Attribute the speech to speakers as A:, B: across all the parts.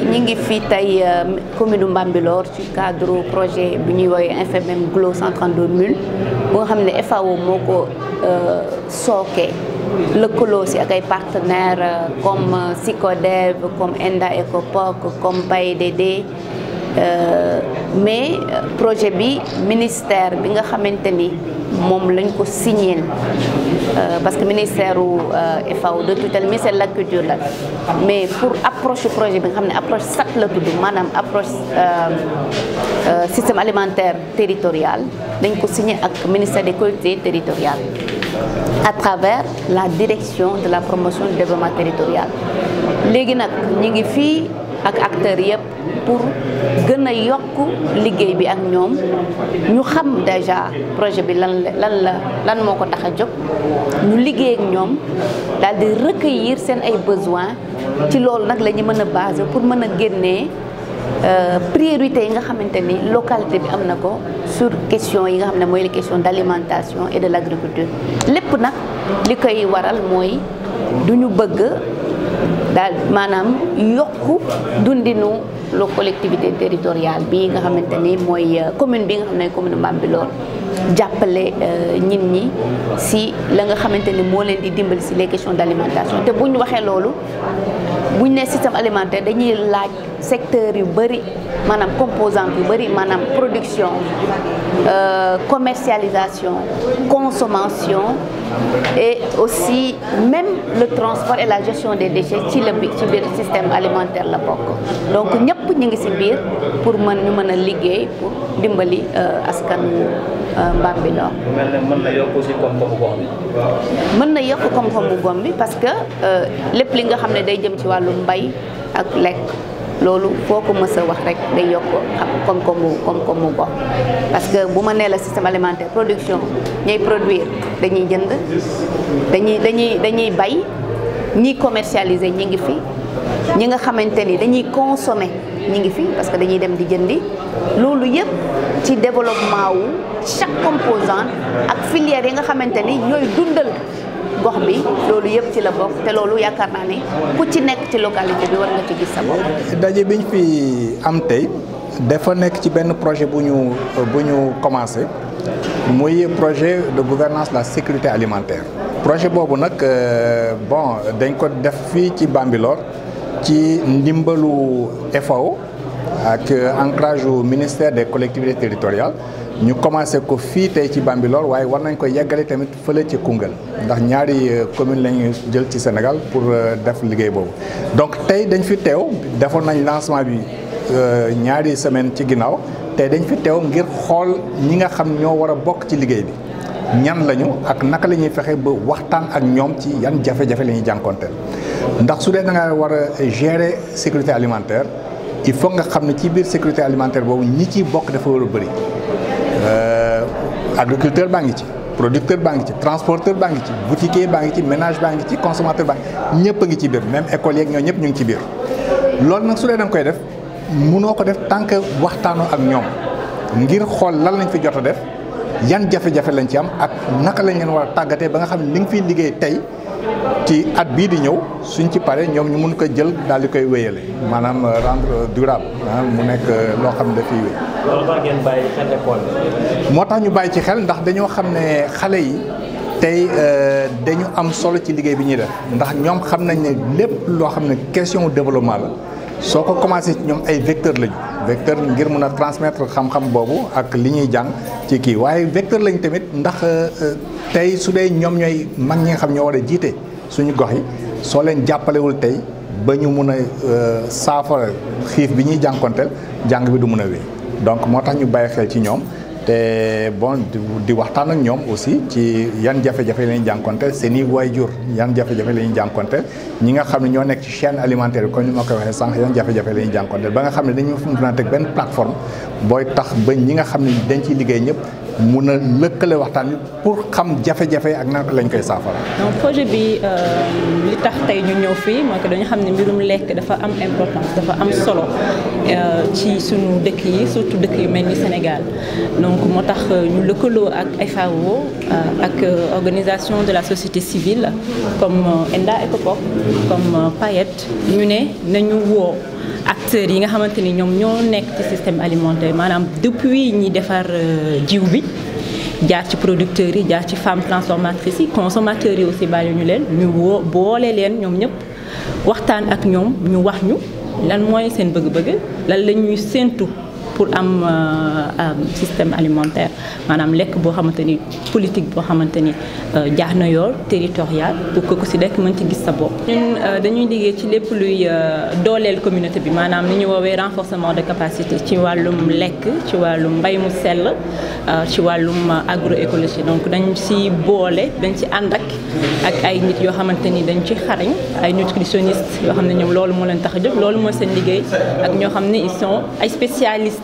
A: ñi ngi fi tey euh, commune Mbambilor ci cadre projet bi ñuy woowee FMM Glo 132 MUL bu nga xam ne FAO moo ko euh, sookee lëkkaloo si ak ay partenaires euh, comme SICODEV comme ENDA ECOPOC comme PAIDD Euh, mais projet bi ministère bi nga xamanteni mom lañ ko signé euh, parce que ministère euh FAO de tutelle ministère de la culture là mais pour approche projet bi nga xamné approche SAT la tudd approche euh, système alimentaire territorial dañ ko signé ak ministère des collectivités territoriales à travers la direction de la promotion du développement territorial légui nak ñi ngi ak acteurs yëpp pour gën a yokk liggéey bi ak ñoom ñu xam déjà projet bi lan la lan la lan moo ko tax a jóg ñu liggéey ak ñoom daal di recueillir seen ay besoins ci loolu nag la ñu mën a basé pour mën a génnee euh, priorité yi nga xamante ni localité bi am na ko sur question yi nga xam ne mooy les questions d'alimentation et de l'agriculture lépp nag li koy waral mooy du ñu bëgg daal maanaam yokku dundinu la collectivité territoriale bi nga xamante ni mooy euh, commune bi nga xam ne commune lool jàppale euh, nit ñi si la nga xamante ni moo leen di dimbali si les questions d'alimentation te bu ñu waxee loolu buñ né système alimentaire dañuy laaj secteur yu bari, production, de yu bari, manam production euh, commercialisation consommation et aussi même le transport et la gestion des déchets ci le système alimentaire la bokk donc ñu ngi si biir pour mën ñu mën a liggéey pour dimbali euh, askan wu euh, Bambilor.
B: mel ne mën na yokk aussi koom-koomu
A: gox bi. bi parce que euh, lépp li nga xam ne day jëm ci wàllu mbay ak lekk. loolu foo ko mës wax rek day yokk xam koom-koomu koom-koomu parce que bu ma nee la système alimentaire production ñay produire dañuy jënd dañuy dañuy bay ñiy commercialiser ñi ngi fi. Nous nga xamante consommer parce que dañuy dem di jëndi loolu yëpp ci développement wu chaque composant ak filière nga dundal gox bi ci la localité bi war
B: nga ci gis biñ projet nous commencé projet de gouvernance de la sécurité alimentaire. projet boobu nag euh, bon dañ Bambilor. ci ndimbalu FAO ak euh, ancrage au ministère des collectivités territoriales ñu commencé ko fii tey ci Bambilor waaye war nañ ko yeggale tamit fële ci Koungheul ndax ñaari euh, commune lañu jël ci Sénégal pour euh, def liggéey boobu donc tey dañ fi teew defoon nañ lancement bi ñaari semaine ci ginnaaw tey dañ fi teew ngir xool ñi nga xam ñoo war a bokk ci liggéey bi ñan lañu ak naka la ñuy fexe ba waxtaan ak ñoom ci yan jafe-jafe la ñuy jànkonteel ndax su dee da war a gérer sécurité alimentaire il faut nga xam ne ci biir sécurité alimentaire boobu ñi ciy bokk dafa war a bëri euh, agriculteur baa ngi ci producteur baa ngi ci transporteur baa ngi ci boutiquier baa ngi ci ménage baa ngi ci consommateur baa ngi ñëpp ngi ci biir même école yeeg ñoo ñëpp ñu ngi ci biir loolu nag su dee da koy def mënoo ko def tant que waxtaanoo ak ñoom ngir xool lan lañ fi jot a def yan jafe-jafe lañ ci am ak naka lañ ngeen war a tàggatee ba nga xam ne li nga fiy liggéey tey ci at bii di ñëw suñ ci paree ñoom ñu mun ko jël daal di koy wéyale maanaam rendre durable ah, mu nekk euh, loo xam ne dafiy wéy. loolu moo tax ñu bàyyi ci xel ndax dañoo xam ne xale yi tey euh, dañu am solo ci liggéey bi ñuy def ndax ñoom xam nañ ne lépp loo xam ne question développement la. soo ko commencé ñoom ay vecteur lañu vecteur ngir mën a transmettre xam-xam boobu ak li ñuy jàng ci kii waaye vecteur lañ tamit ndax euh, euh, tey su dee ñoom ñooy mag ñi nga xam ñoo war a jiite suñu gox yi soo leen jàppalewul tey ba ñu mun a euh, saafara xiif bi ñuy jànkonteel jàng bi du mun a donc moo ñu bàyyi xel ci ñoom te bon di waxtaan ak ñoom aussi ci yan jafe-jafe la ñuy jànkonte seen i waajur yan jafe-jafe la ñuy ñi nga xam ne ñoo nekk ci chaîne alimentaire ko ñu ni ma koy waxee sànq yan jafe-jafe la ñuy jànkonte ba nga xam ne dañu fa mën a teg benn plateforme booy tax ba ñi nga xam ne dañ ciy liggéey ñëpp mun a lëkkale pour xam jafe ak lañ donc
C: projet bi euh, li tax que dañu xam ne mbirum lekk dafa am importance dafa am solo euh, ci suñu dëkk yi surtout dëkk yu Sénégal donc moo euh, ñu lëkkaloo ak FAO ak organisation de la société civile comme ENDA ECOPOP comme Payet, ñu ne acteurs yi nga xamante ni ñoom ñoo nekk ci système alimentaire maanaam depuis ñi defar euh, jiw bi jaar ci producteurs yi jaar ci femmes transformatrices yi consommateurs yi aussi bàyyi ñu leen ñu woo boole leen ñoom ñëpp waxtaan ak ñoom ñu wax ñu lan mooy seen bëgg-bëgg lan la ñuy séentu pour euh, am système alimentaire maanaam Lek boo xamante politique boo xamante ni euh, jaax territorial pour que ku si nekk mën ci gis sa bopp. ñun euh, dañuy liggéey ci lépp luy dooleel communauté bi maanaam ñu woowee renforcement de capacité ci wàllum Lek, ci wàllum mbay mu sell ci wàllum agroécologie donc dañ si bolé, dañ si andak, ak ak ay nit yoo xamante ni dañ ci xarañ ay nutritionniste yo xam ne ñoom loolu moo leen tax a jóg loolu mooy seen liggéey ak ñoo xam ils sont ay spécialistes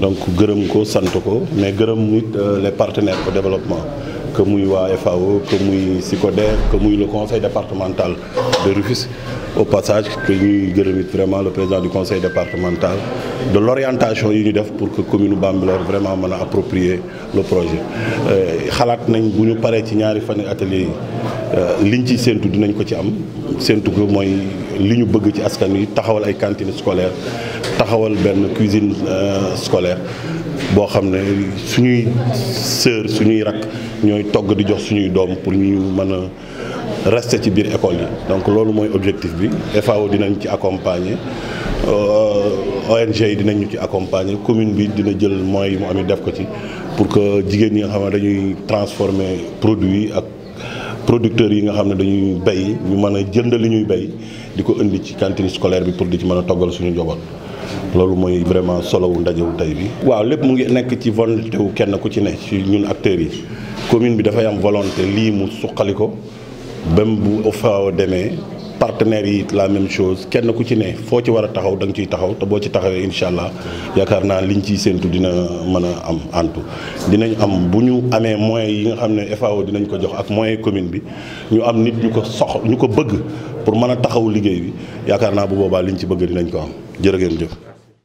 D: donc gërëm ko sant ko mais gërëm nit euh, les partenaires au développement que muy wa FAO que muy SICODER que muy le conseil départemental de Rufisque au passage que ñuy gërëm vraiment le président du conseil départemental de l'orientation yi ñu def pour que commune Bambilor vraiment mën a approprier le projet euh, xalat nañ bu ñu paree ci ñaari fan atelier euh liñ ci sentu dinañ ko ci am sentu ko moy liñu bëgg ci askan yi taxawal ay cantines scolaires taxawal benn cuisine euh, scolaire boo xam ne suñuy sœur suñuy rakk ñooy togg di jox suñuy doom pour ñu mën a rester ci biir école yi donc loolu mooy objectif bi FAO dinañ ci accompagner euh, ONG yi dinañ ci accompagner commune bi dina jël moyens yi mu amee def ko ci pour que jigéen ñi nga xam ne dañuy produits yi ak producteurs yi nga xam ne dañuy bay ñu mën a jënd li ñuy bay di ko indi ci cantine scolaire bi pour di ci mën a toggal suñu njaboot. loolu mooy vraiment solowu ndajewu tey bi. waaw lépp mu ngi nekk ci volonté wu kenn ku ci ne ci ñun acteurs yi commune bi dafay am volonté lii mu suqali ko bam bu fa demee. partenaires yi la même chose kenn ku ci ne foo ci war a taxaw da nga taxaw te boo ci taxawee incha allah yaakaar naa liñ ciy séntu dina mën am antu dinañ am bu ñu amee moyens yi nga xam ne FAO dinañ ko jox ak moyens commune bi ñu am nit ñu ko sox ñu ko bëgg pour mën a taxaw liggéey bi yaakaar naa bu boobaa liñ ci bëgg dinañ ko am jërë jëf.